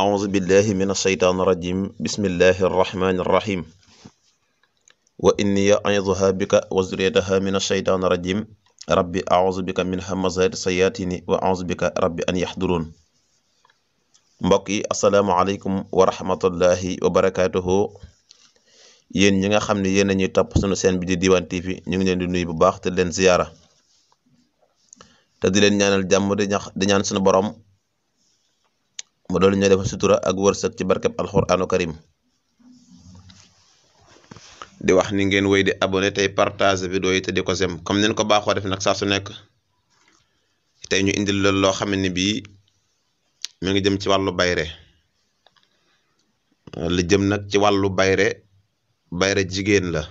أعوذ بالله من الشيطان الرجيم بسم الله الرحمن الرحيم وإني أعظها بك وذريتها من الشيطان الرجيم ربي أعوذ بك من همزات سياتني وأعوذ بك ربي أن يحضرون mbokk yi asalaamaaleykum wa rahmatullahi wa barakaatuhu yéen ñi nga xam ni yéen a ñuy topp sunu seen bi di TV ñu ngi di nuyu bu baax te leen ziyaara te di leen ñaanal jàmm di ñax di ñaan sunu mu doolu ñu def sutura ak wërsëg ci barkeb alxuraanu karim di wax ni ngeen woy de abonné tey partage vidéo yi te di ko sem comme neen ko baaxoo def nag saa su nekk tey ñu indil la loo xam ne bii mu ngi jëm ci wàllu bayre li jëm nag ci wàllu bayre bayre jigéen la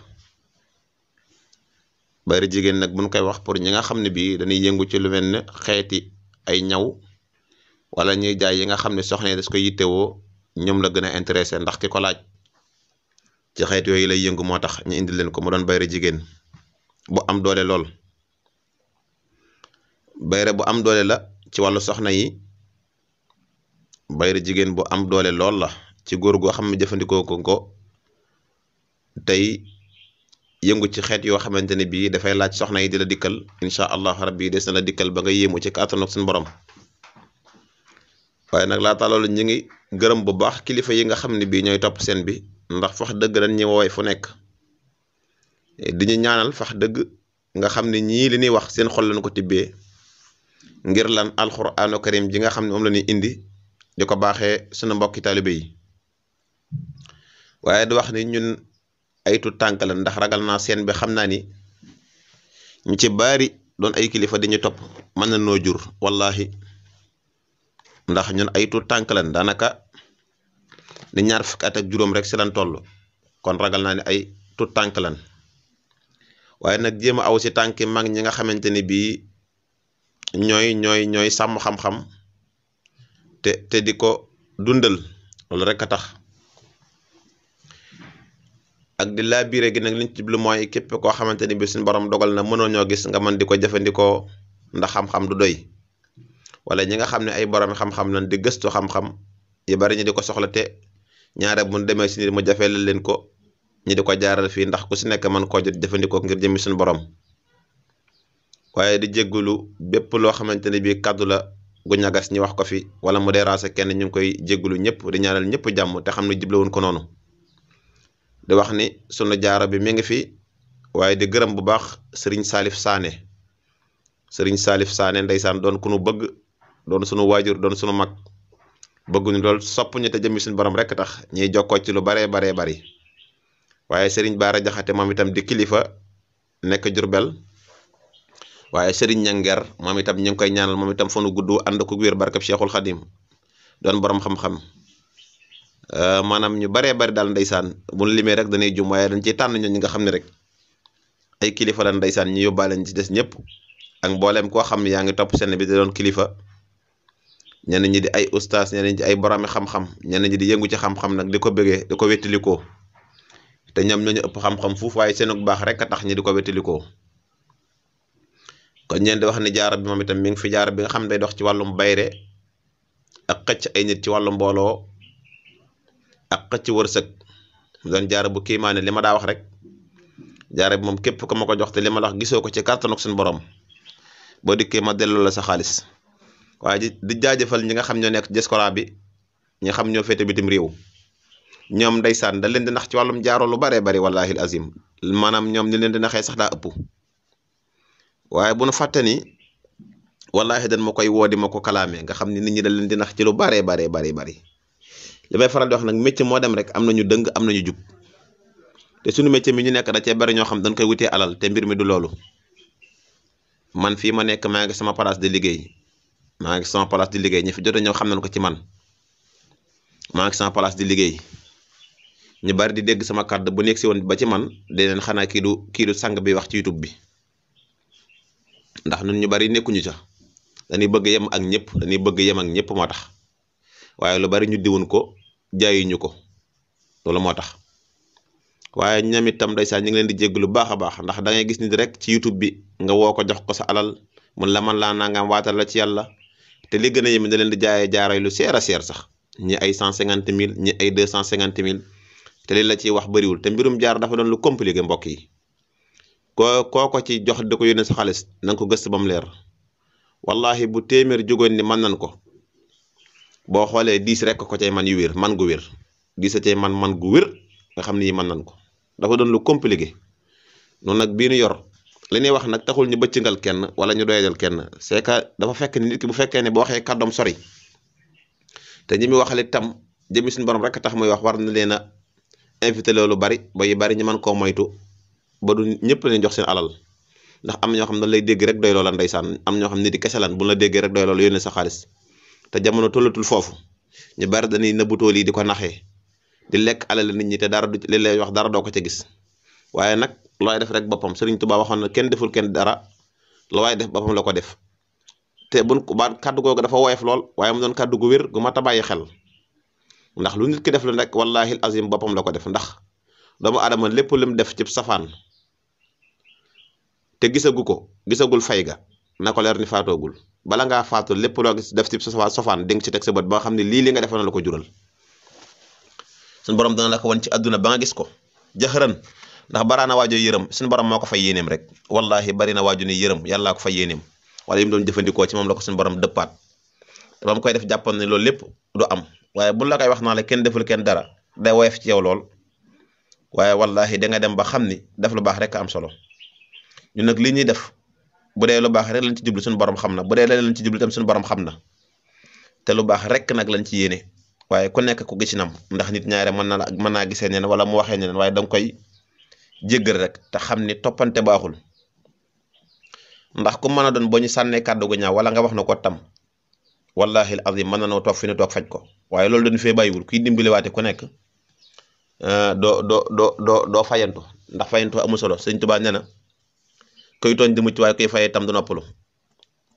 bayre jigéen nag buñ koy wax pour ñi nga xam ne bii dañuy yëngu ci lu mel ne xeeti ay ñaw wala ñuy jaay yi nga xam ne soxna yi das ko yittewoo ñoom la gën a intéressé ndax ki ko laaj ci xeet yooyu lay yëngu moo tax ñu indil leen ko mu doon bayre jigéen boo am doole lool bayre bu am doole la ci wàllu soxna yi bayre jigéen bu am doole lool la ci góor goo xam ne jëfandikoo ko ko tey yëngu ci xeet yoo xamante ne bii dafay laaj soxna yi di la dikkal incha allah rabbi des na la dikkal ba nga yéemu ci kàttanu suñu borom waaye nag laata loolu ñu ngi gërëm bu baax kilifa yi nga xam ne bii ñooy topp seen bi ndax fax dëgg dañ ñu woowee fu nekk di ñaanal fax dëgg nga xam ne ñii li ñuy wax seen xol lañ ko tibbee ngir lan alxuraanu karim ji nga xam ne moom la ñuy indi di ko baaxee sunu mbokki taalibe yi waaye di wax ni ñun ay tu tànk la ndax ragal naa seen bi xam naa ni ñu ci baari doon ay kilifa di ñu topp mën na noo jur wallahi ndax ñun ay tuut tànk lañ daanaka ni ñaar fukki ak juróom rekk si lañ toll kon ragal naa ne ay tuut tànk lañ waaye nag jéem a aw si tànki mag ñi nga xamante ni bii ñooy ñooy ñooy sàmm xam-xam te di ko dundal loolu rek a tax ak di laa biire gi nag liñ ci jublu mooy képp koo xamante ni bii suñu borom dogal na mënoo ñoo gis nga mën di ko jëfandikoo ndax xam-xam du doy. wala ñi nga xam ne ay borom xam-xam lañ di gëstu xam-xam yu bari ñu di ko soxla te ñaare bu ñu demee si nit mu jafee leen ko ñu di ko jaaral fi ndax ku si nekk man koo jot jëfandikoo ngir jëmi suñu borom waaye di jéggulu bépp loo xamante ne bii kàddu la gu ñagas ñu wax ko fi wala mu kenn ñu ngi koy jéggulu ñëpp di ñaanal ñëpp jàmm te xam ne jubluwoon ko noonu di wax ni sunu jaara bi mi ngi fi waaye di gërëm bu baax sëriñ saalif saane sëriñ saalif Sané ndeysaan doon ku nu bëgg. doon sunu waajur doon sunu mag bëgguñu lool sopp ñu te jëmmi suñu borom rek tax ñuy jokkoo ci lu baree baree bari waaye sëriñ Baara Jaxate moom itam di kilifa nekk Jurbel waaye Serigne Ñanger moom itam ñu ngi koy ñaanal moom itam fanu gudd ànd ku wér barkab Cheikhul Xadim doon borom xam-xam euh, maanaam ñu bare bari daal ndeysaan bu nu limee rek danay jum waaye dañ ciy tànn ñi nga xam ne rek ay kilifa la ñu yóbbaale ñu ci des ñëpp ak mbooleem koo xam ne yaa ngi topp seen bi da doon kilifa. ñenn ñi di ay ustaas ñenn ñi ay boroomi xam-xam ñenn ñi di yëngu ci xam-xam nag di ko bëggee di ko wétalikoo te ñam ñoo ñu ëpp xam-xam fuuf waaye seen bu baax rek a tax ñi di ko wétalikoo kon ñeen di wax ni jaara bi moom itam mi ngi fi jaara bi nga xam ne dox ci wàllum bayre ak xëcc ay nit ci wàllu mbooloo ak xëcc wërsëg mu doon jaara bu kiimaane li ma daa wax rek jaara bi moom képp ku ma ko jox te li ma la wax gisoo ko ci kàttanu suñu borom boo dikkee ma delloo la sa xaalis. waaye di jaajëfal ñi nga xam ñoo nekk ci diaspora bi ñi xam ñoo féete bitim réew ñoom ndeysaan da leen di nax ci wàllum jaaro lu baree bari wallaahi azim maanaam ñoom ni leen di naxee sax daa ëpp waaye bu nu fàtte ni dañ ma koy woo di ma ko kalaamee nga xam ni nit ñi da leen di nax ci lu baree baree bari bari li may faral di wax nag métier moo dem rek am na ñu dëng am na ñu jub te sunu métier mi ñu nekk da cee bari ñoo xam dañ koy wutee alal te mbir mi du loolu man fii ma nekk maa ngi sama place de liggéey maa ngi sama place di liggéey ñu fi jotee ñëw xam nañ ko ci man maa ngi sama place di liggéey ñu bari di dégg sama kàddu bu nekk si woon ba ci man deneen xanaa kii du kii du sang bi wax ci YouTube bi ndax nu ñu bari nekkuñu ca dañuy bëgg yem ak ñëpp dañuy bëgg yem ak ñëpp moo tax waaye lu bari ñu diwoon ko jaayuñu ko loolu moo tax waaye ñoom itam ndeysaan ñu ngi leen di jégg lu baax a baax ndax da gis nit rek ci YouTube bi nga woo ko jox ko sa alal mun la man laa nangam waatal la ci yàlla te li gën a yem da leen di jaayee jaaray lu seer a seer sax ñi ay cent cinquante mille ñi ay deux cent cinquante mille te li la ciy wax bëriwul te mbirum jaar dafa doon lu compliqué mbokk yi koo koo ko ci jox di ko yónnee sa xaalis na ko gëstu ba mu leer wallahi bu téeméer jógoon ni mën nan ko boo xoolee diis rek ko cay man yu wér man gu wér diis a cay man man gu wér nga xam ne yi mën nan ko dafa doon lu compliqué noonu nag bii nu yor. li ñuy wax nag taxul ñu bëccëngal kenn wala ñu doyadal kenn c'est que dafa fekk nit ki bu fekkee ne bu waxee kàddoom sori te ñi muy waxal itam jëmi suñu borom rek tax muy wax war na leen a invité loolu bari ba yu bari ñu mën koo moytu ba du ñëpp leen jox seen alal ndax am ñoo xam ne lay dégg rek doy loola ndeysaan am ñoo xam ne di kese lan bu la déggee rek doy loola yónnee xaalis te jamono tollatul foofu ñu bari dañuy nëbbu tool yi di ko naxee di lekk alal nit ñi te dara du li lay wax dara doo ko ca gis waaye nag. lu def rek boppam Sëriñ Tuubaa waxoon na kenn deful kenn dara lu waay def boppam la ko def te buñ ba kàddu googu dafa woyef lool waaye mu doon kàddu gu wér gu mat bàyyi xel ndax lu nit ki def lu rek wallaahi azim boppam la ko def ndax doomu aadama lépp lu mu def cib safaan te gisagu ko gisagul fay ga na leer ni faatoogul bala ngaa faatu lépp loo gis def ci safaan di nga ci teg sa bët ba nga xam ne lii li nga defoon la ko jural suñu borom dana la ko ci àdduna ba gis ko jaxaran ndax baraana waajo yërëm suñu borom moo ko fay yéeneem rek wallahi bari na waaju ni yërëm yàllaa ko fay yéeneem wala yi mu doon jëfandikoo ci moom la ko suñu borom dëppaat ba mu koy def jàppoon ne loolu lépp du am waaye buñ la koy wax naa la kenn deful kenn dara day woyof ci yow lool waaye wallahi da nga dem ba xam ni def lu baax rek am solo ñun nag li ñuy def bu dee lu baax rek lañ ci jublu suñu borom xam na bu dee leneen lañ ci jublu tam suñu borom xam na te lu baax rek nag lañ ci yéene waaye ku nekk ku gisinam ndax nit ñaare mën na mën naa gisee ñeneen wala mu waxee ñeneen waaye danga koy jéggal rek te xam ni toppante baaxul ndax kum mën a doon boo ñu sànnee kàddu gu ñaaw wala nga wax na ko tam wallahi al azim mën na noo toog fi nu toog faj ko waaye loolu dañu fee wul kuy dimbaliwaate ko nekk euh, doo do doo doo doo fayantu ndax fayantu amul solo sëñ Tuubaa nee na kuy tooñ di mucc waaye kuy tam du noppalu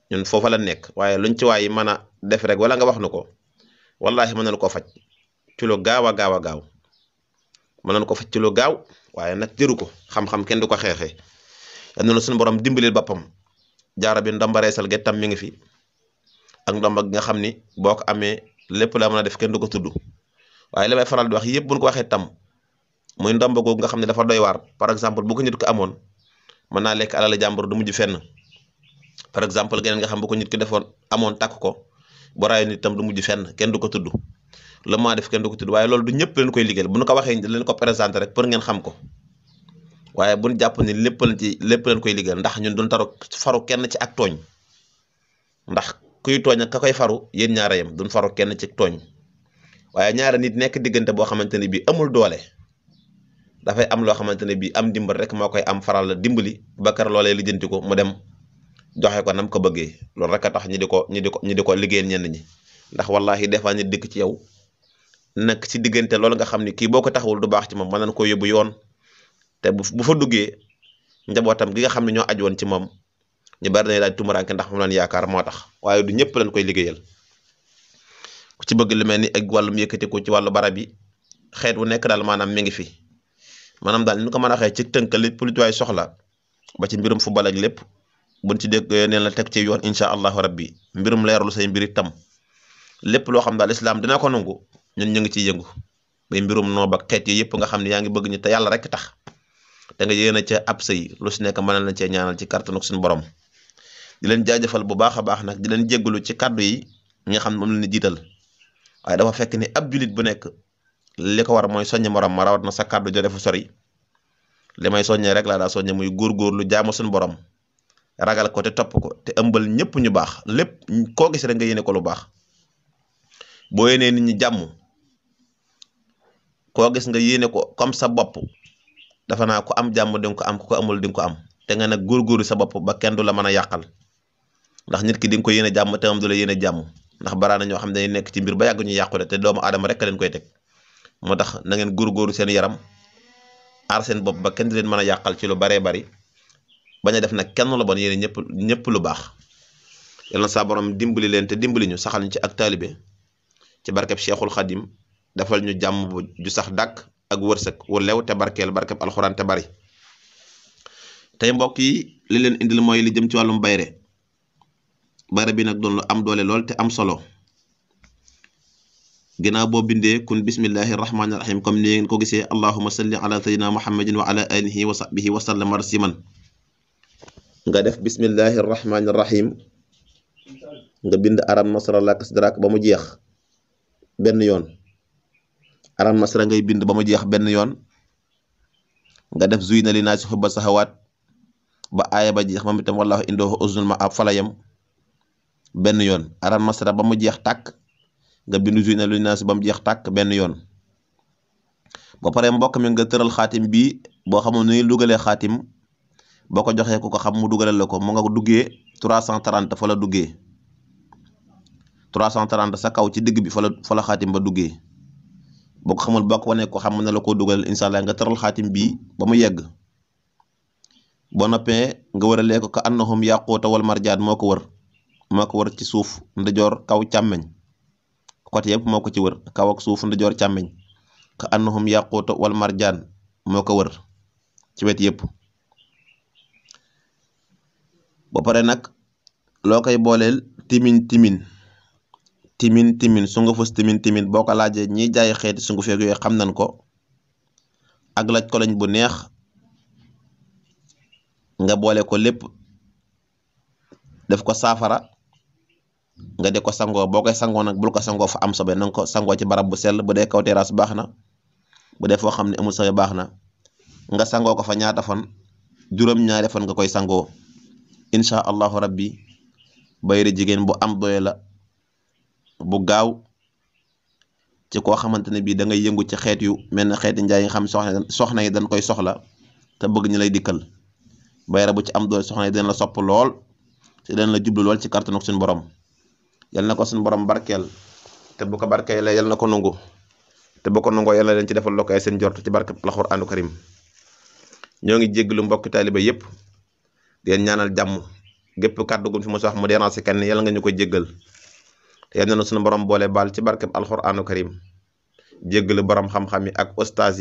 ñun foofa la nekk waaye luñ ci waay mën a def rek wala nga wax na ko wallahi mën na la koo faj ci lu gaaw a gaaw a gaaw mën nañ ko faj ci lu gaaw waaye nag jëru ko xam-xam kenn du ko xeexee yal na suñu borom dimbalil boppam jaara bi ndombareesal ge tam mi ngi fi ak ndomba gi nga xam ni boo ko amee lépp la mën a def kenn du ko tudd waaye li may faral di wax yëpp bu ko waxee tam muy ndomba googu nga xam ne dafa doy waar par exemple bu ko nit ko amoon mën naa lekk alal jàmbur du mujj fenn par exemple geneen nga xam bu ko nit ki defoon amoon takk ko bu raay nit tam du mujj fenn kenn du ko tudd. la maa def kenn du ko tudd waaye loolu du ñëpp leen koy liggéeyal bu nu ko waxee leen ko présenté rek pour ngeen xam ko waaye bu ñu jàpp ni lépp leen ci lépp leen koy liggéeyal ndax ñun duñ taru faru kenn ci ak tooñ ndax kuy tooñ ak koy faru yéen ñaara yam duñ faru kenn ci tooñ waaye ñaara nit nekk diggante boo xamante ne bii amul doole dafay am loo xamante ne bii am dimbal rek moo koy am faral la dimbali bakar loolee lijjanti ko dem joxe ko nam ko bëggee loolu rek a tax ñi di ko ñu di ko ñi di ko liggéeyal ñenn ñi ndax wallahi des fois ñu dikk ci yow. nag ci diggante lool nga xam ni kii boo ko taxawul du baax ci moom mën nañ koo yoon te bu fu fa duggee njabootam gi nga xam ne ñoo aj woon ci moom ñu bari nañ daal tumuraanke ndax moom lañ yaakaar moo tax waaye ñëpp lañ koy liggéeyal ci bëgg lu mel ni ak wàllum yëkkatiku ci wàllu barab yi xeet wu nekk daal maanaam mi ngi fi maanaam daal ni ko mën a waxee ci tënk lépp lu ci waay soxla ba ci mbirum fu ak lépp buñ ci dégg neen la teg ci yoon incha allahu rabbi mbirum leerlu say mbiri tam lépp loo xam daal islam dina ko nangu ñun ñu ngi ciy yëngu bay mbirum noob ak xeet yi yëpp nga xam ne yaa ngi bëgg ñu te yàlla rek tax te nga yéen a ca ab sëy lu si nekk mënal na cee ñaanal ci kàttanu suñu borom di leen jaajëfal bu baax a baax nag di leen jéggalu ci kàddu yi nga xam ni moom la ñu jiital waaye dafa fekk ni ab julit bu nekk li ko war mooy soññ morom ma rawat na sa kàddu jo defu sori li may soññee rek laa daa soññe muy góorgóorlu jaamu suñu borom ragal ko te topp ko te ëmbal ñëpp ñu baax lépp koo gis rek nga yéene ko lu baax boo yéenee nit ñi jàmm koo gis nga yéene ko comme sa bopp dafa naa ko am jàmm di ko am ku ko amul di ko am te nga nag góorgóorlu sa bopp ba kenn du la mën a yàqal ndax nit ki di nga ko yéene jàmm te moom du la yéene jàmm ndax baraana ñoo xam ne nekk ci mbir ba yàgg ñu yàqule te doomu aadama rek leen koy teg moo tax na ngeen góorgóorlu seen yaram aar seen bopp ba kenn du leen mën a yàqal ci lu baree bari bañ a def nag kenn lu bon yéene ñëpp ñëpp lu baax yal na saa borom dimbali leen te dimbali ñu saxal ñu ci ak taalibe ci barkeb Cheikhul Khadim defal ñu jàmm bu ju sax dàkk ak wërsëg wu lew te barkeel barkeb alxuraan te bari tey mbokk yi li leen indil mooy li jëm ci wàllum bayre bayre bi nag doon lu am doole lool te am solo ginnaaw boo bindee kun bismillahi rahmaani rahim comme ni ngeen ko gisee allahuma salli ala sayyidina muhammadin wa ala alihi wa sahbihi wa sallama rasiman nga def bismillahi rahmaani rahim nga bind aram nasara lak sidrak ba mu jeex benn yoon alam nasra ngay bind ba mu jeex benn yoon nga def zuy na li naa saxawaat ba aaya ba jeex ma itam wallahu indoo usnul ma ab falayam benn yoon alam nasra ba mu jeex tàkk nga bindu zuy na li ba mu jeex tàkk benn yoon ba pare mbokk mi nga tëral xaatim bii boo xamul ni dugalee xaatim boo ko joxee ku ko xam mu dugalal la ko mu nga duggee 330 fa la duggee 330 sa kaw ci digg bi fa la fa la xaatim ba duggee boo ko xamul boo wanee ko xam mën na la dugal incha nga taral xaatim bii ba mu yegg boo noppee nga wëralee ko ka annahum yaquuta wal marjaan moo ko wër ko wër ci suuf ndajoor kaw càmmeñ côté yëpp moo ko ci wër kaw ak suuf ndajoor càmmeñ ka annahum yaquuta wal marjaan moo ko wër ci wet yëpp ba pare nag loo koy booleel timin timin timin timin sungufus timin timin boo ko laajee ñiy jaay xeeti sunguf yeeg yooyu xam nañ ko ak laj ko lañ bu neex nga boole ko lépp def ko saafara nga de ko sangoo boo koy sangoo nag bul ko sangoo fa am sobe na sangoo ci barab bu sel bu dee kaw terrasse baax na bu dee foo xam ne amul sobe baax na nga sangoo ko fa ñaata fan juróom-ñaari fan nga koy sangoo incha allahu rabbi bayre jigéen bu am doye la bu gaaw ci koo xamante ne bii dangay yëngu ci xeet yu mel ne xeeti njaay yi xam soxna soxna yi dañ koy soxla te bëgg ñu lay dikkal bayra bu ci am doole soxna yi dañ la sopp lool te dañ la jublu ci kàttanu borom yal na ko suñu borom barkeel te bu ko barkeel yal na ko nangu te bu ko nangoo yal na leen ci defal lokkaay seen jot ci barke alxuraanu karim ñoo ngi jéggalu mbokki taaliba yëpp di leen ñaanal jàmm gépp kàddu fi ma wax mu déranger kenn yal nga ñu ko jéggal te yal na sunu borom boole baal ci barkeb alxuraanu karim jéggalu borom xam-xam yi ak ostaas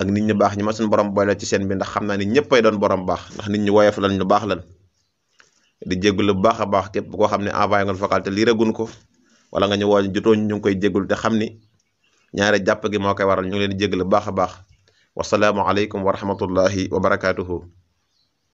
ak nit ñu baax ñi ma sunu borom boole ci seen bi ndax xam naa ni ñëppay doon borom baax ndax nit ñu woyof lan ñu baax lan di jéggalu bu baax a baax képp koo xam ne envoyé nga vocal te lii ko wala nga ñu woo jotoo ñu ngi koy jéggalu te xam ni ñaare jàpp gi moo koy waral ñu ngi leen di jéggalu bu baax a baax wasalaamu aleykum wa rahmatullahi wa barakaatuhu